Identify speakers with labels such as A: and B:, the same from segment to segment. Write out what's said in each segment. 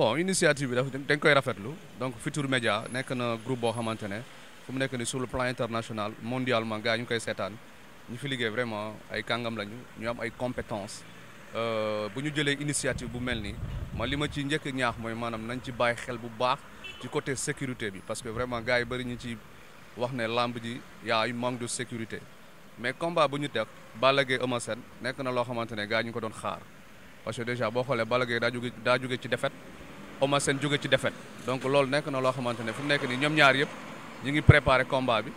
A: bon initiative bi dafa dañ koy rafetlu donc Futurs média nekk na groupe boo xamante ne fu mu nekk ni sur le plan international mondialement gars yi ñu koy seetaan ñu fi liggéey vraiment ay kàngam lañu ñu am ay compétences euh, bu ñu jëlee initiative bu mel nii man li ma ci njëkk ñaax mooy maanaam nañ ci bàyyi xel bu baax ci côté sécurité bi parce que vraiment gars yi bëri ñu ci wax ne lamb ji yaa ay manque de sécurité mais combat bu ñu teg Balla Gaye Eumeu Sène nekk na loo xamante ne gars ñu ko doon xaar parce que déjà boo xoolee Balla Gaye daa jóge daa jóge ci défaite Eumeu Sène jóge ci defet donc loolu nekk na loo xamante ne fu mu nekk nii ñoom ñaar yëpp ñu ngi préparé combat bi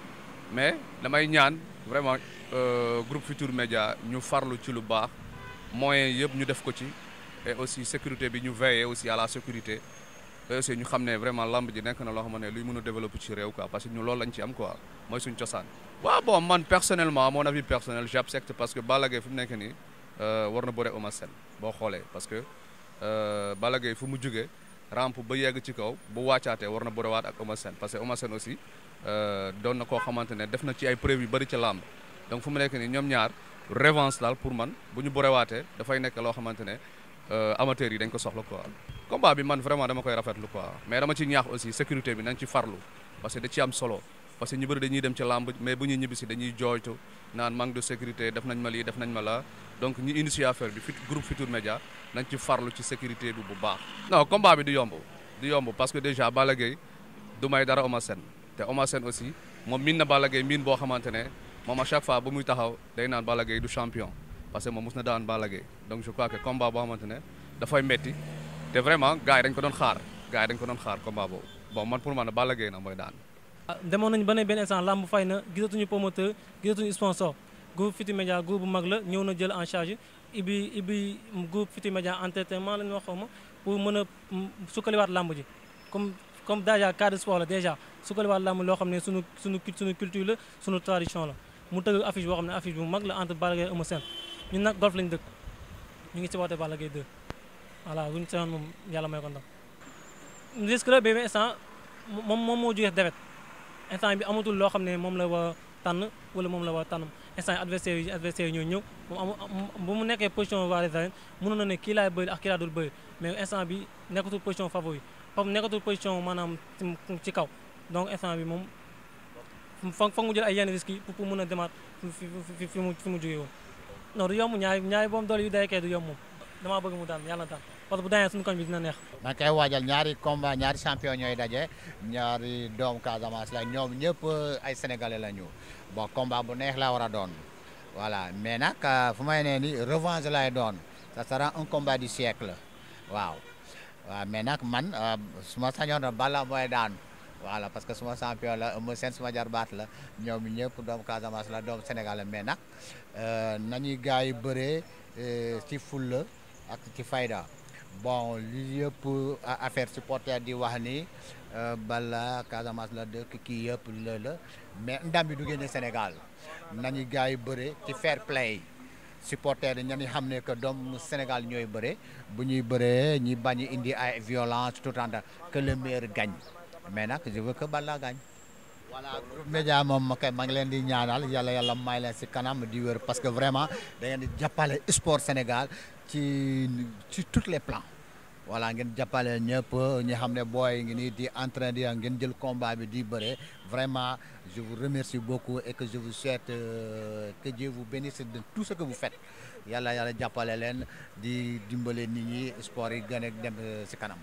A: mais damay ñaan vraiment euh, groupe Futurs Médias ñu farlu ci lu baax moyens yëpp ñu def ko ci et aussi sécurité bi ñu veiller aussi à la sécurité et aussi ñu xam ne vraiment lamb ji nekk na loo xam ne luy mën a développer ci réew quoi parce que ñu loolu lañ ci am quoi mooy suñ cosaan. waaw bon man personnellement mon avis personnel parce que Balla mu nekk nii euh, war na bëre Eumeu Sène boo xoolee parce que euh, Balla Gaye fu mu jógee. ramp ba yegg ci kaw bu wàccaatee war na bëriwaat ak Eumeu Sène parce que Eumeu Sène aussi euh, doon ko koo xamante ne def na ci ay preuve yu bëri ci làmb donc fu mu nekk nii ñoom ñaar revanche daal pour man bu ñu bëriwaatee dafay nekk loo xamante ne euh, amateurs yi dañ ko soxla quoi. combat bi man vraiment dama koy rafetlu quoi mais dama ci ñaax aussi sécurité bi nañ ci farlu parce que da ci am solo. parce que ñu bëri dañuy dem ci làmb mais bu ñuy ñibbisi dañuy jooytu naan manque de sécurité def nañ ma lii def nañ ma la donc ñi initié affaire bi fit groupe Futur Média nañ ci farlu ci sécurité bi bu baax. non combat bi du yomb du yomb parce que déjà Balla Gaye du may dara Eumeu Sène te Eumeu Sène aussi moom miin na Balla Gaye miin boo xamante ne moom à chaque fois bu muy taxaw day naan Balla Gaye du champion parce que moom mos na daan Balla Gaye donc je crois boo xamante ne dafay metti te vraiment gars yi dañ ko xaar gars dañ ko doon xaar combat boobu bon man pour man Balla Gaye na mooy daan.
B: Ah, demoon nañ ba ne benn instant làmb fay na gisatuñu promoteur gisatuñu sponsor groupe Futurs Médias groupe bu mag la ñëw na jël en charge ibi ibi groupe Futurs Médias entertainment la ñu wax xaw ma pour mën a mm, sukkaliwaat làmb ji comme comme déjà cadre sport la déjà sukkaliwaat làmb loo xam ne suñu suñu suñu culture la suñu tradition la mu tëgg affiche boo xam ne affiche bu mag la entre Balla Gaye Eumeu Sène ñun nag golf lañ dëkk ñu ngi ci woote Balla Gaye 2 voilà bu ñu seewoon moom yàlla may ko ndam moom moom moo jógee defet instant bi amatul loo xam ne moom la waa tànn wala moom la waa tànn instant adversaire yi adversaire yi ñoo ñëw moom amu bu mu nekkee position Waly Sagne mënoon na ne kii laay bëri ak kii laa dul bëri mais instant bi nekkatul position favori foofu nekkatul position maanaam ci kaw donc instant bi moom fa fa mu jël ay yenn risques yi pour pour mën a demaat fi fi mu jógee woon non du yomb ñaari ñaari boom doole yu daykee du yomb moom damaa bëgg mu daan yàlla daan
C: parce que bu daanee suñu koñ bi dina neex danga koy waajal ñaari combat ñaari champion ñooy daje ñaari doomu Casamance la ñoom ñëpp ay sénégalais la ñu bon bu neex la war a doon voilà mais nag euh, fu ma nee ni revanche lay doon ça sera un combat du siècle waaw waaw mais nag man euh, su ma sañoon na Balla mooy daan voilà parce que suma champion la ma seen suma la ñoom ñëpp doomu Casamance la mais nag euh, nañuy gars yi bëree ci fulla ak ci fayda bon li yep affaire supporter e, di wax ni bala casamance la deuk ki yep le le mais ndam bi du gene senegal nani gaay beure ci fair play supporter ñan ñi xamne que dom senegal ñoy beure bu ñuy beure ñi bañ indi ay violence tout temps que le meilleur gagne mais nak je veux que bala gagne voilà groupe média moom ma kay ma ngi leen di ñaanal yàlla yàlla may leen si kanam di wér parce que vraiment da ngeen di jàppale sport Sénégal ci ci toutes les plans voilà ngeen jàppale ñëpp ñi xam ne booy ngi nii di entrain di ngeen jël combat bi di bëre vraiment je vous remercie beaucoup et que je vous souhaite euh, que Dieu vous bénisse de tout ce que vous faites yàlla yàlla jàppale leen di dimbale nit ñi sport yi gën a dem euh, kanam